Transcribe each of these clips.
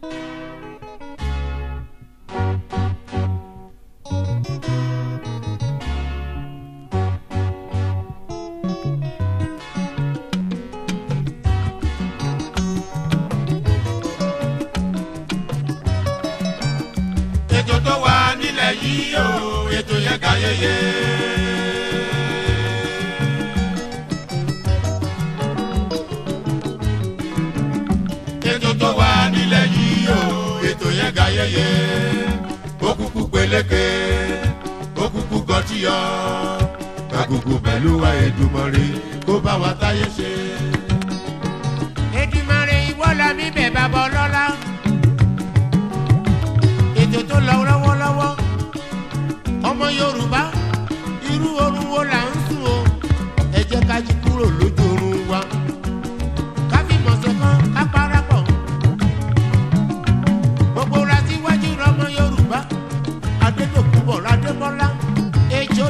thank you peléke òkùnkù gọtí yọ gbàgùkù pẹ̀lú wa Èdùmàrè kó bá wa táyé ṣe.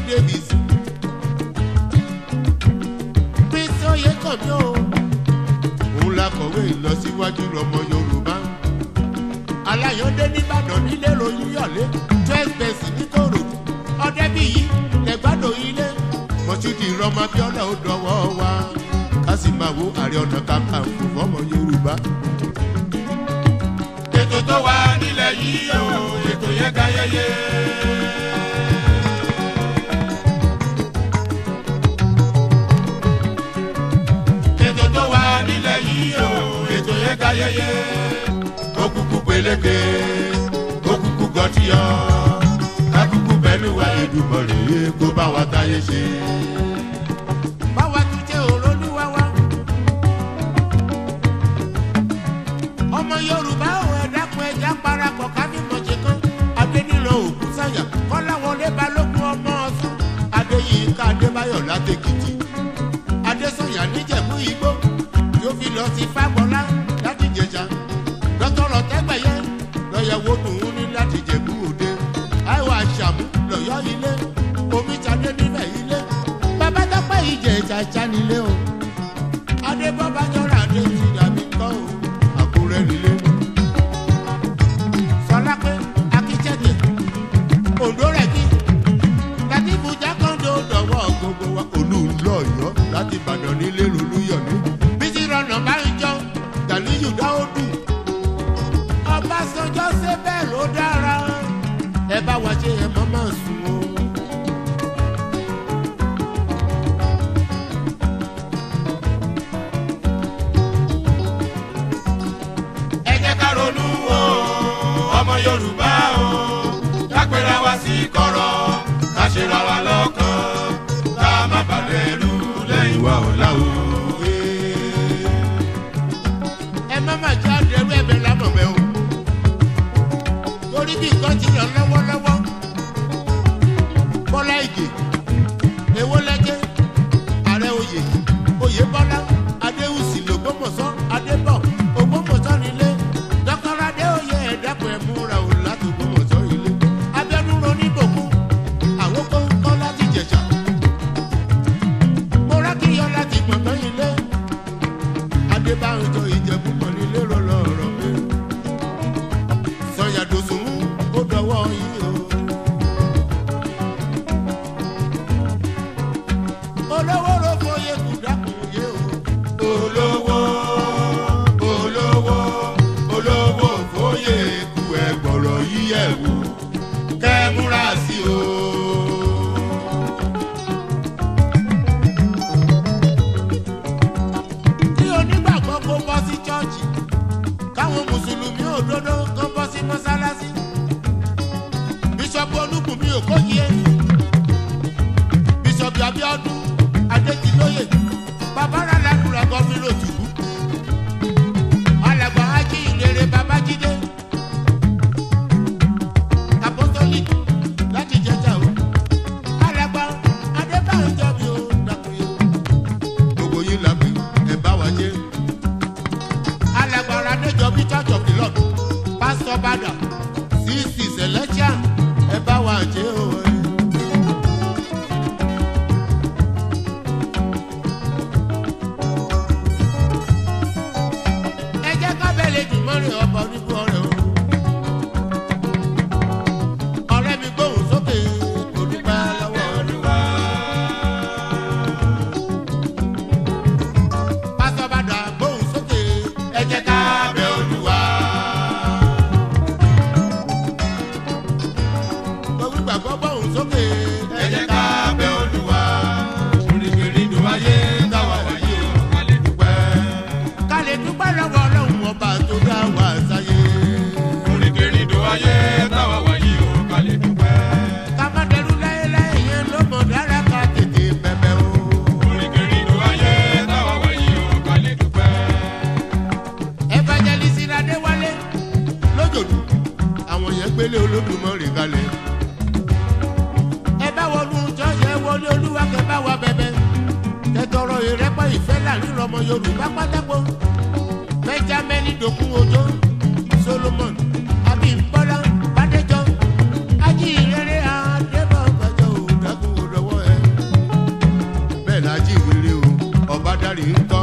Davis Prince Oyèkánmi o òun la kọ̀wé ìlọsíwájú lọmọ Yorùbá Aláyọ̀dé nìbàdàn nílé ròyìn yọ̀lé twelve pence ní Kòròdú Ọdẹ́bíyì lẹ́gbàdo ilé Mọ̀ṣúdì rọmọ Abíọ́lá ó dọwọ́ wa ká sì máa wo Ààrẹ Ọ̀nà Kakanfò fọ́mọ Yorùbá. ètò tó wà nílẹ̀ yìí o ètò yẹn ga yẹyẹ. ayẹyẹ okuku peleke okuku gọtiyọ kakuku bẹnu wa Èdùmàrè kó bá wa táyé ṣe. báwa tún jẹ́ òrónúwa wa ọmọ Yorùbá ò ẹ dákun ẹja parapọ̀ ká ní mọ̀jẹ̀ kan adéníran ògùn sáyà kọ́láwọlé balógun ọmọ ọ̀sùn adéyínká adébáyọ̀ látẹ̀kìtì adésùnyà níjẹ̀bú igbó yóò fi lọ sí fáwọn. 在家里。Kọ́lá Ìgè èwo lẹ́jẹ́. adarí ń kọ́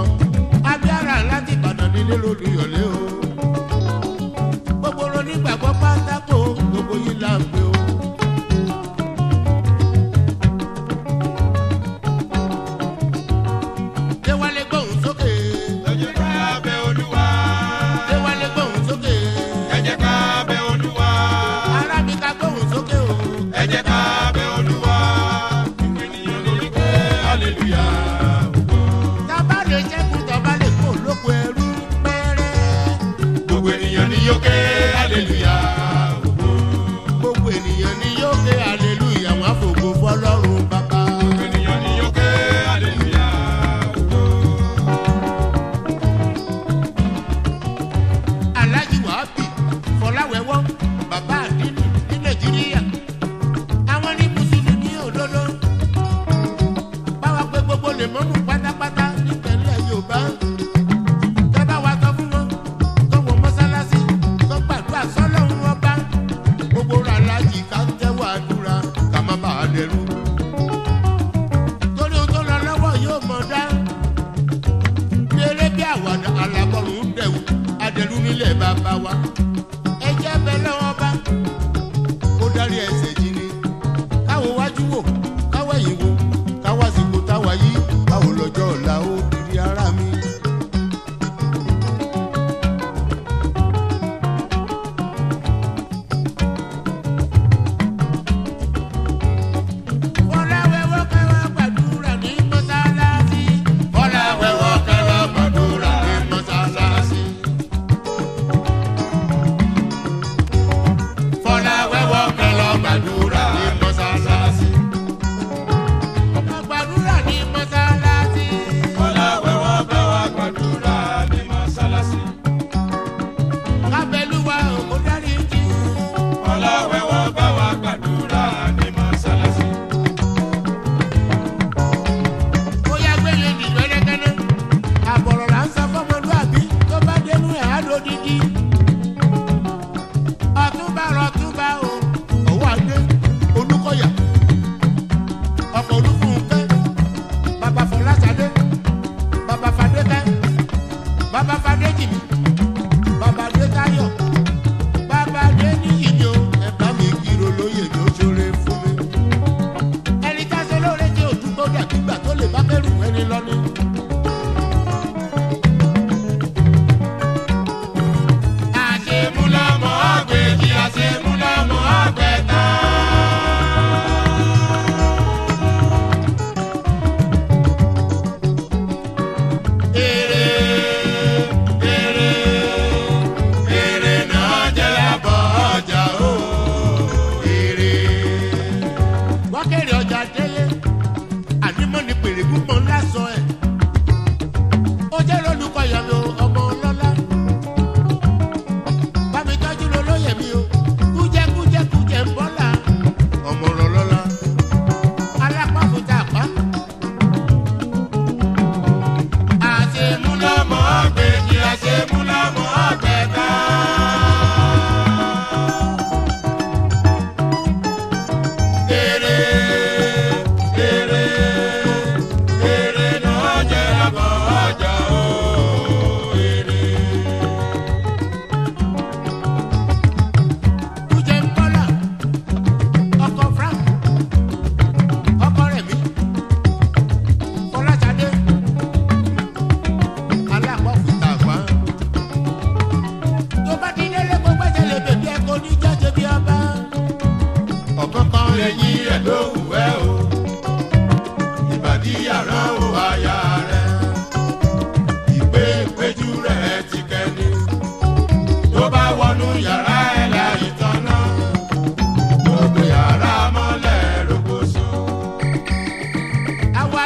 agbára láti Ìbàdàn nílé lórí ìyọ̀lẹ́ o.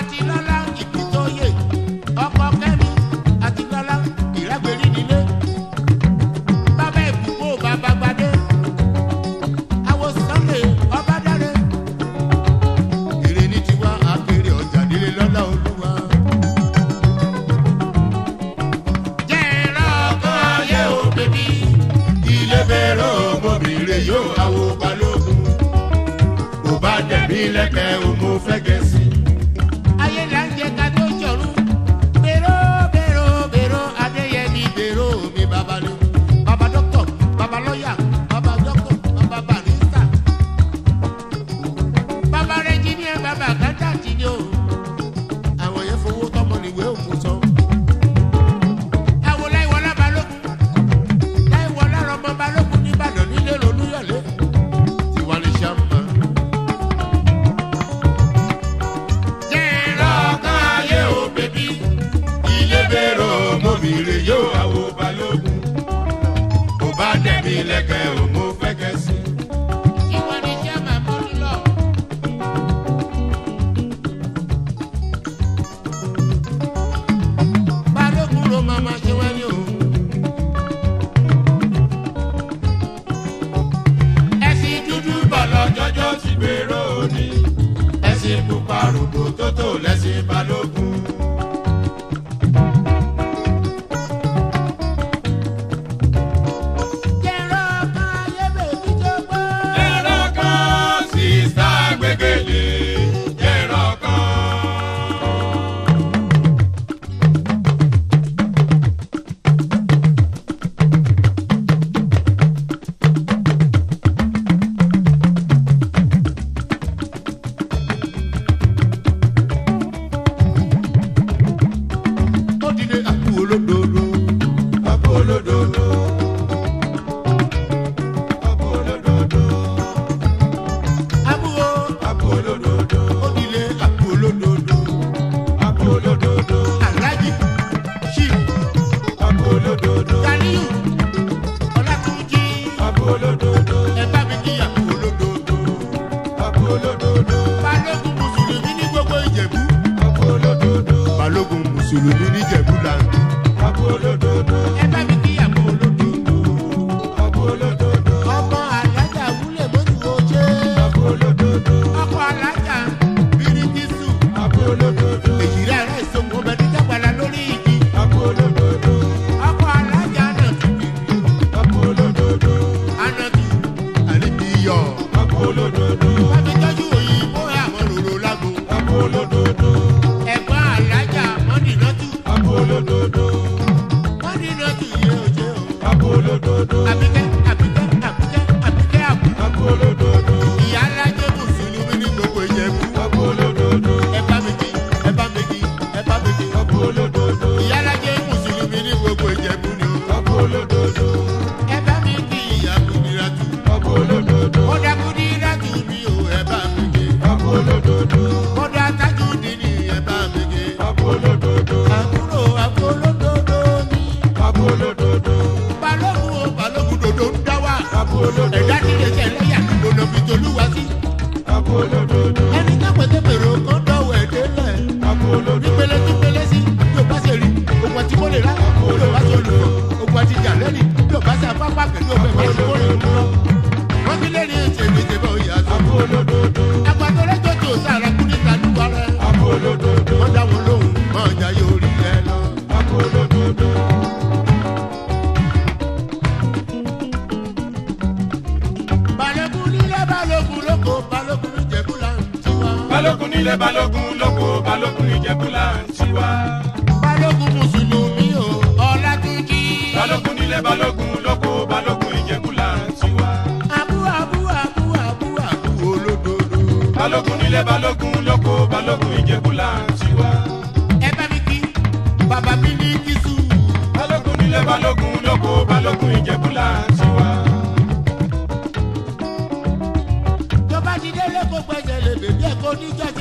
bate na bá dẹ̀ mí lẹ́kẹ̀ẹ́ o. olódodo. ẹ̀dá tí lè ṣe lọ́yà ọ̀nà fi tolúwa sí. akú olódodo. ẹni tó pèsè pèrò kan dọ̀wọ̀ ẹ̀dẹ́ lẹ̀. akú olódodo. nípele nípele sí yóò bá ṣe rí ògùn àti mọ́lẹ̀ rá yóò bá ṣe olùkọ́ ògùn àti jàlẹ́lì yóò bá ṣe afáfá pẹ̀lú ọ̀bẹ pẹ̀lú mọ́lẹ̀ rú. ilé balógun lóko balógun ìjẹ̀bú là ń tiwa. balógun mùsùlùmí o ọlátúnjí. balógun nílé balógun lóko balógun ìjẹ̀bú là ń tiwa. àbú àbú àbú àbú àbú olódodo. balógun nílé balógun lóko balógun ìjẹ̀bú là ń tiwa. ẹ bá mi kí bàbá mi ní kìsù. balógun nílé balógun lóko balógun ìjẹ̀bú ń tiwa. tó bá ti délé kó pẹ́sẹ̀ lè bèbí ẹ̀ kó níjọ́sí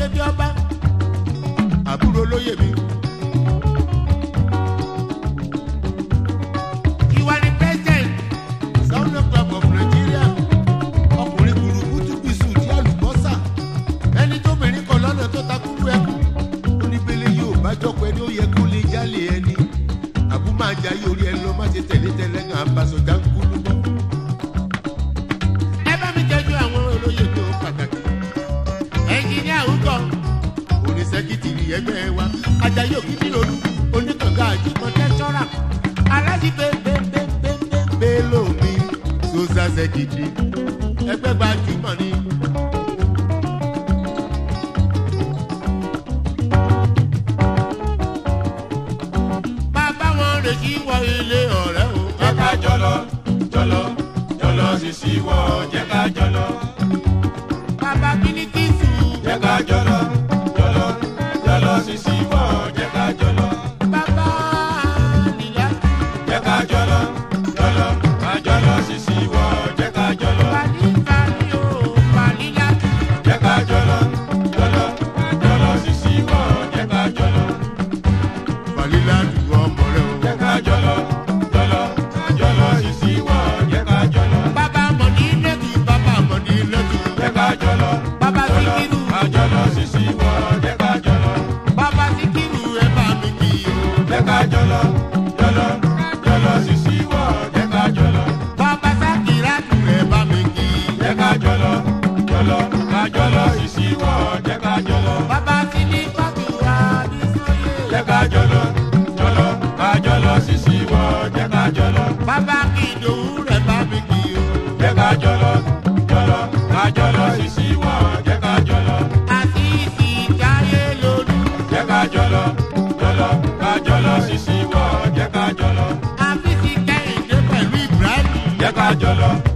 olóyè mi. ìwà ni president Southern Club of Nigeria ọkùnrin burúkú tí pìsù di àlùbọ́sà ẹni tó mìíràn kan lọ́nà tó takúrú ẹkú oníbele yóò bá jọpọ̀ ẹni ó yẹ kó lè jálè ẹni àbúmájà yóò rí ẹni lọ àjàyè òkìdílolú oníkànga àjùmọ̀ tẹ́sọ́rà alájí pépépépépé lómi tó sàṣẹ gidi ẹgbẹ́ gbajúmọ̀ ni. máa bá wọn rèjì wọ ilé ọ̀rẹ́ o. jẹ́ ká jọlọ jọlọ jọlọ jẹ́ ká jọlọ. bàbá kìíní kìí sùn. jẹ́ ká jọlọ. da da.